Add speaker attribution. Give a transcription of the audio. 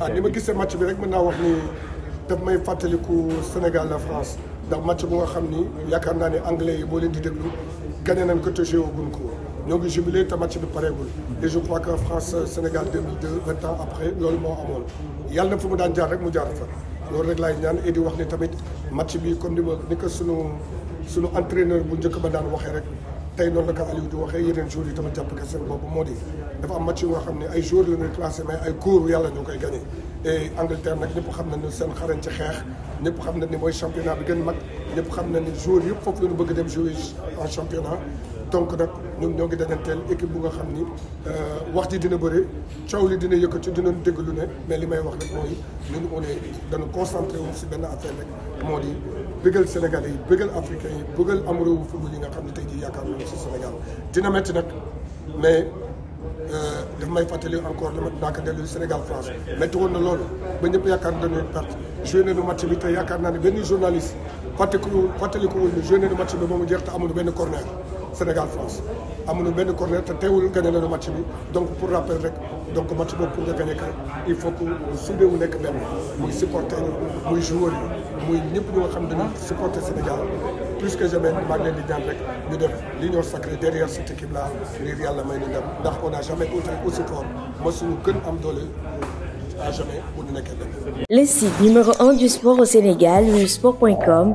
Speaker 1: ah ni ma gisee match bi rek mën naa wax ni daf may fàttaliku Sénégal la France ndax match bu nga xam ni yaakaar naa ne anglais yi boo leen di déglu gane nañ ko te joué ko ñoo ngi jubilé te match bi pareegul et je crois que France Sénégal 2002 vingt ans après loolu moo amoon yàlla na fi mu daan jaar rek mu jaar fa loolu rek laay ñaan et di wax ni tamit match bi comme ni ma ni ko sunu sunu entraîneur bu njëkk ba daan waxee rek tay non la ko Aliou di waxe yeneen jour yi dama jàpp que seen boobu moo dafa am match yo xamne ay jour la ñuy classer mais ay cours yàlla ñoo koy gagné. et Angleterre nak ñëpp xamna ñu ne seen xarañ ci xex ñëpp xamna ni moy championnat bi gën mag ñëpp xamna ni jour jours yëpp foofu ñu bëgg dem jouer en championnat. donc nag ñun ñoo ngi dajanteel équipe bu nga xam ni euh, wax ji dina bëri coow li dina yëkkati dina dégg lu ne mais li may wax rek mooy ñun on est dañu concentré wu si benn affaire moo di bëggal Sénégalais yi bëggal africains yi bëggal am réewu football yi nga xam ne tey jii yaakaar nañu si Sénégal dina métti nag mais euh, daf may fàttali encore li ma dinaa ko dellu Sénégal France métti woon na loolu ba ñëpp yaakaar na dañuy perte joué nañu match bi yaakaar naa ne benn journaliste fàttaliku fàttaliku wuñ ne joué nañu match bi ba mu jeex te amul benn corner Sénégal France amuñu Ben corner te teewul le nañu match bi donc pour rappel rek donc match pour nga il faut que soudé wu les benn muy supporter yi muy joueur yi muy ñëpp ñoo xam supporter Sénégal plus que jamais maa ngi leen di rek l'union sacrée derrière cette équipe là ngir yàlla may ñu dem on n'a jamais été aussi fort ma suñu gën am doole à jamais bu ñu nekkee Le site
Speaker 2: numéro un du sport au Sénégal, le sport.com